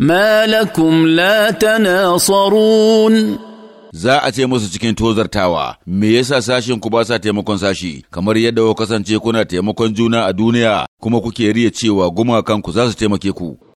ما لكم لا تناصرون za a ce musu cikin tozartawa me yasa sashin ku ba sa taimakon sashi kamar yadda ku kasance kuna taimakon juna a duniya kuma kuke riya cewa gumakan ku za su taimake ku